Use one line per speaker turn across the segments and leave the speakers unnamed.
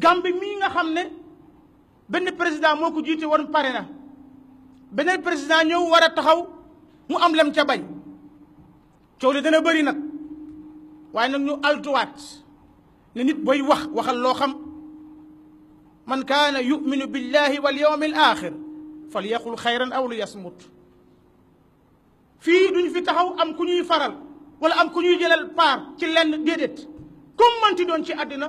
Gambie mi nga xamne ben président moko jité won pare na benen président ñëw wara taxaw mu am lam ca bañ ciow li dana bari nak way nak ñu altu wat ne nit boy wax waxal lo xam man kana yuminu billahi wal yawmil akhir falyakhul khayran aw liyasmut fi duñ fi taxaw am ku ñuy faral wala am ku ñuy jëlal paar ci lenn dedet kum man ti doon ci adina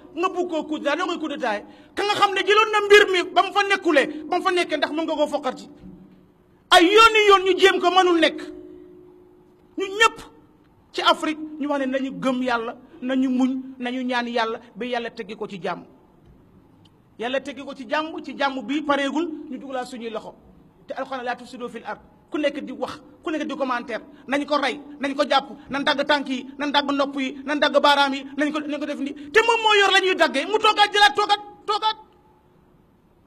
nga bugg koo coup d'état doo ngay coup d'état ka nga xam ne jëloon na mbir mi ba mu fa nekkulee ba mu fa nekkee ndax mën nga koo foqati ay yoon yoon ñu jéem ko mënul nekk ñu ñëpp ci Afrique ñu wax ne nañu gëm yàlla nañu muñ nañu ñaan yàlla ba yàlla teggi ko ci jàmm yàlla teggi ko ci jàmm ci jàmm bi pareegul ñu dugalaat suñuy loxo te alxuraan laa tufsidoo fil ard ku nekk di wax ku nekk di commentaire nañ ko rey nañ ko jàpp nañ dagg tànk yi nañ dagg nopp yi nañ dagg baaraam yi nañ ko nañ ko def ni te moom moo yor la ñuy daggee mu toogaat jëlaat toogaat toogaat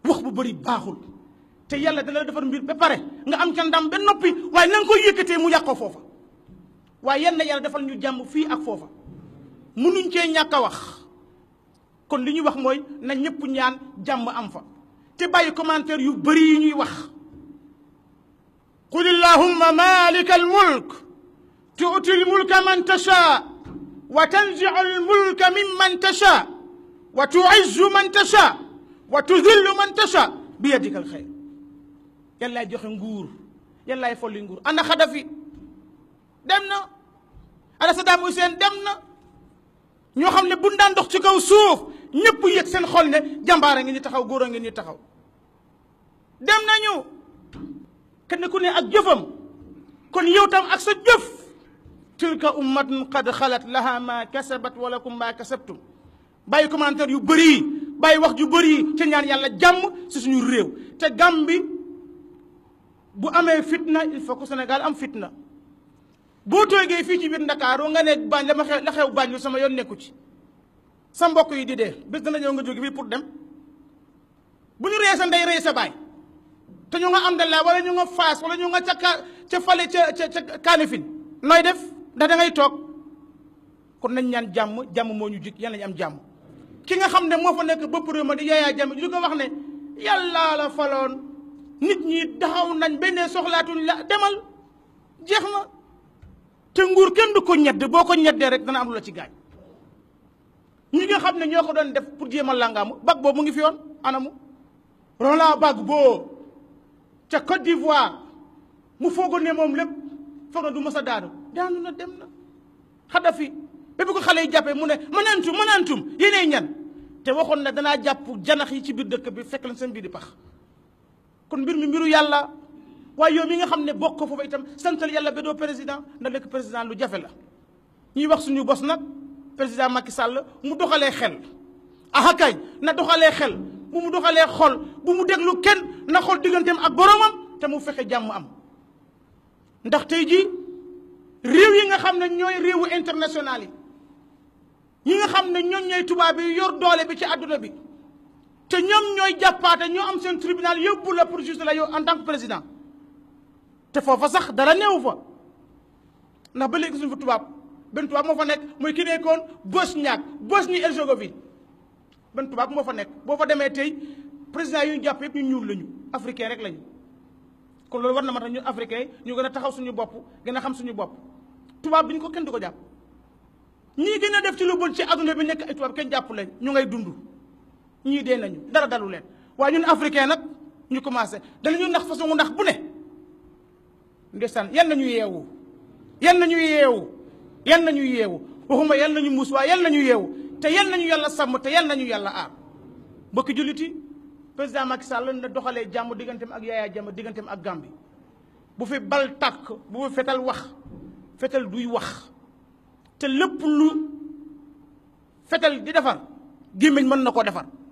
wax bu bëri baaxul te yàlla dana la defar mbir ba pare nga am ca ndam ba noppi waaye nang ko koy yëkkatee mu yàqoo foofa waaye yal na defal ñu jàmm fi ak foofa munuñ cee ñàkk wax kon li ñuy wax mooy na ñëpp ñaan jàmm am fa te commentaire yu bëri yi ñuy wax قل اللهم مالك الملك تؤتي الملك من تشاء وتنزع الملك ممن تشاء وتعز من تشاء وتذل من تشاء بيدك الخير يلا يجوخ نغور يلا يفولي نغور انا خدفي دمنا انا صدام حسين دمنا ñoo xam ne buñ daan dox ci kaw suuf ñëpp yëg seen xol ne jàmbaara ngi ñu taxaw góor ngi ñu taxaw dem nañu kenn ku ne ak jëfam kon yow tam ak sa jëf tilka ummatun qad xalat laha ma kasabat wa lakum ma kasabtum bàyyi commentaire yu bëri bay wax yu bëri yi ca ñaan yàlla jàmm si suñu réew te gàm bi bu amee fitna il faut que Sénégal am fitna boo toogee fii ci biir Ndakaaru nga ne bañ la xew la lu sama yoon nekku ci sa mbokk yi di dee bés dana ñëw nga jóge fii pour dem bu ñu rey sa ndey rey sa baay te ñu nga am la wala ñu nga fas wala ñu nga ca ca falé ca ca kalifin noy def da da ngay tok kon nañ ñaan jàmm jàmm mo ñu jik yalla ñu am jàmm ki nga xamne mo fa nek bëpp réew ma di yaayaa jàmm di ko wax ne yalla la falon nit ñi taxaw nañ benn soxlaatuñ la demal jeex na te nguur kën du ko ñedd boko ñedd ñeddee rek dana am lu ci gaaj ñi nga xamne ñoko doon def pour jema a langaamu bag mu ngi fi yoon anamu rola bag ca Côte d'Ivoire mu foogoon ne moom lépp foog na du mës a daanu daanu na dem na Kadhafi ba bi ko xale jàppee mu ne man antum man antum yéenay ñan te waxoon na danaa jàpp janax yi ci biir dëkk bi fekk leen seen biir di pax kon mbir mi mbiru yàlla waaye yow mi nga xam ne bokk ko foofu itam santal yàlla be doo président ndax nekk président lu jafe la ñuy wax suñu bos nag président Macky sàll mu doxalee xel ahakaay na doxalee xel bu mu doxalee xol bu mu déglu kenn na xol digganteem ak boromam te mu fexe jàmm am ndax tey ji réew yi nga xam ne ñooy réewu international yi ñi nga xam ne ñoom ñooy tubaab bi yor doole bi ci àdduna bi te ñoom ñooy jàppaate ñoo am seen tribunal yóbbu la pour juger la en tant que président te foofa sax dara néew fa ndax ba léegi suñu fa tubaab benn tubaab moo fa nekk muy ki nekkoon Bosniak Bosnie Herzégovine ban tubaab moo fa nekk boo fa demee tey président yu ñu jàpp yëpp ñu ñuul lañu africain rek lañu kon loolu war na ma tax ñu africain ñu gën a taxaw suñu bopp gën a xam suñu bopp tubaab bi ñu ko kenn di ko jàpp ñii gën a def ci lu bon ci adduna bi nekk ay tubaab kenn jàpp leen ñu ngay dund ñii dee nañu dara dalu leen waaye ñun africain nag ñu commencé danañu ndax façon ndax bu ne ndeysaan yan nañu yeewu yan nañu yeewu yan nañu yeewu waxuma yan nañu muus waaye yan nañu yeewu te yal nañu yàlla sàmm te yal nañu yàlla aar mbokki julliti président Macky Sall na doxalee jàmm digganteem ak Yaya Jammeh digganteem ak Gambie bu fi bal takk bu fi fetal wax fetal duy wax te lépp lu fetal di defar gémmiñ mën na koo defar